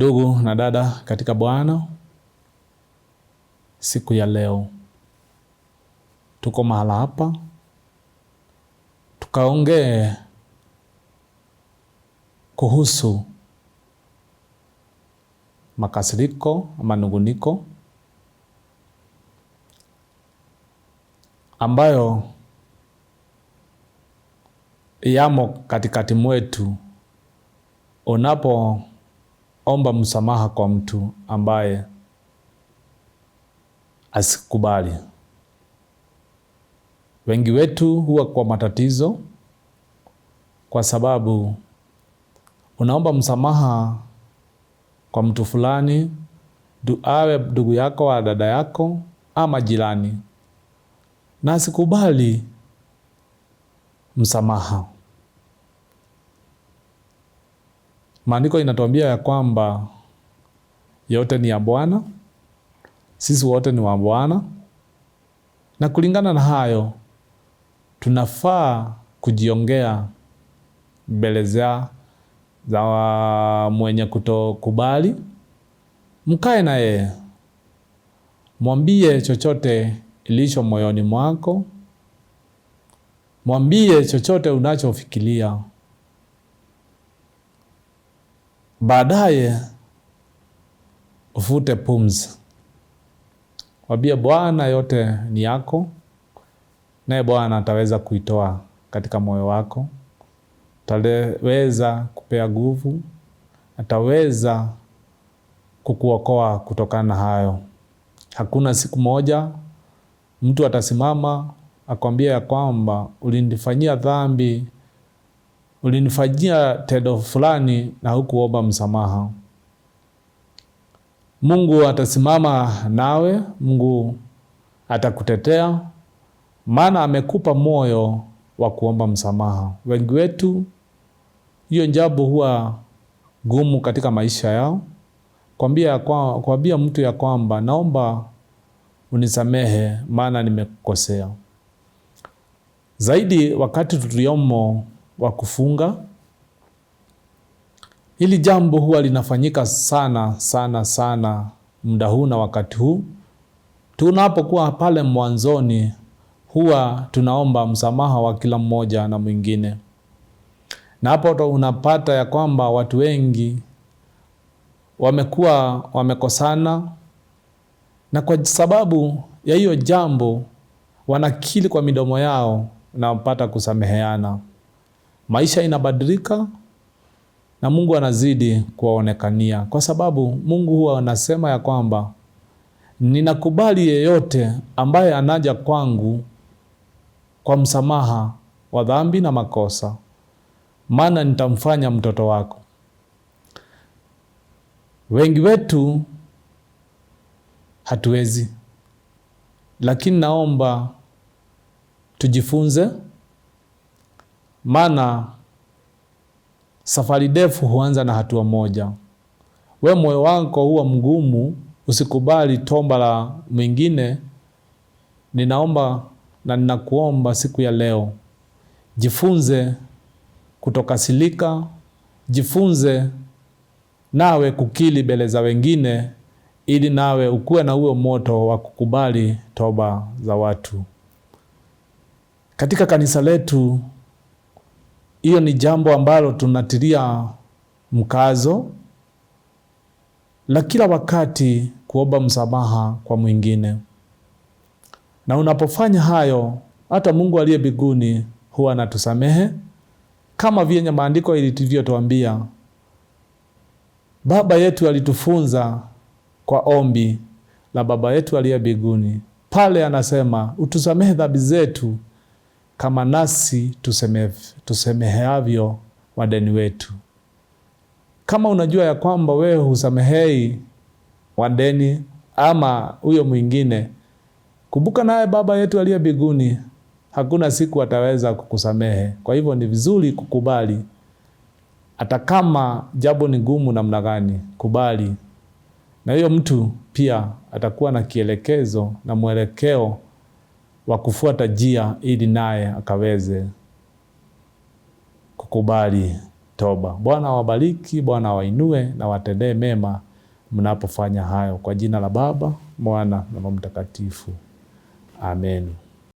Ndugu na dada katika Bwana, siku ya leo tuko mahala hapa tukaongee kuhusu makasiriko ama nunguniko ambayo yamo katikati mwetu unapo omba msamaha kwa mtu ambaye asikubali. Wengi wetu huwa kwa matatizo kwa sababu unaomba msamaha kwa mtu fulani, awe ndugu yako wa dada yako ama jirani, na asikubali msamaha. Maandiko inatuambia ya kwamba yote ni ya Bwana, sisi wote ni wa Bwana, na kulingana na hayo tunafaa kujiongea mbele za mwenye kutokubali. Mkae na yeye, mwambie chochote ilicho moyoni mwako, mwambie chochote unachofikiria. Baadaye ufute pumzi, wambie Bwana yote ni yako, naye Bwana ataweza kuitoa katika moyo wako, ataweza kupea nguvu, ataweza kukuokoa kutokana na hayo. Hakuna siku moja mtu atasimama akwambia ya kwamba ulinifanyia dhambi ulinifanyia tendo fulani na hukuomba msamaha. Mungu atasimama nawe, Mungu atakutetea, maana amekupa moyo wa kuomba msamaha. Wengi wetu hiyo jambo huwa gumu katika maisha yao, kwambia kwa, kwambia mtu ya kwamba naomba unisamehe, maana nimekosea. Zaidi wakati tuliomo wa kufunga. Hili jambo huwa linafanyika sana sana sana muda huu na wakati huu. Tunapokuwa pale mwanzoni, huwa tunaomba msamaha wa kila mmoja na mwingine, na hapo unapata ya kwamba watu wengi wamekuwa wamekosana, na kwa sababu ya hiyo jambo wanakili kwa midomo yao na wapata kusameheana. Maisha inabadilika na Mungu anazidi kuwaonekania, kwa sababu Mungu huwa anasema ya kwamba ninakubali yeyote ambaye anaja kwangu kwa msamaha wa dhambi na makosa, maana nitamfanya mtoto wako. Wengi wetu hatuwezi, lakini naomba tujifunze maana safari ndefu huanza na hatua moja. We moyo wako huwa mgumu, usikubali tomba la mwingine. Ninaomba na ninakuomba siku ya leo, jifunze kutokasilika, jifunze nawe kukili mbele za wengine, ili nawe ukuwe na huo moto wa kukubali toba za watu katika kanisa letu. Hiyo ni jambo ambalo tunatilia mkazo la kila wakati, kuomba msamaha kwa mwingine. Na unapofanya hayo, hata Mungu aliye mbinguni huwa anatusamehe, kama vyenye maandiko ilivyotuambia. Baba yetu alitufunza kwa ombi la Baba yetu aliye mbinguni, pale anasema utusamehe dhambi zetu kama nasi tuseme, tusemeheavyo wadeni wetu. Kama unajua ya kwamba wewe husamehei wadeni ama huyo mwingine, kumbuka naye Baba yetu aliye mbinguni hakuna siku ataweza kukusamehe. Kwa hivyo ni vizuri kukubali, hata kama jambo ni gumu namna gani, kubali, na huyo mtu pia atakuwa na kielekezo na mwelekeo wa kufuata njia ili naye akaweze kukubali toba. Bwana awabariki, Bwana awainue na watendee mema mnapofanya hayo, kwa jina la Baba, Mwana na Roho Mtakatifu, amen.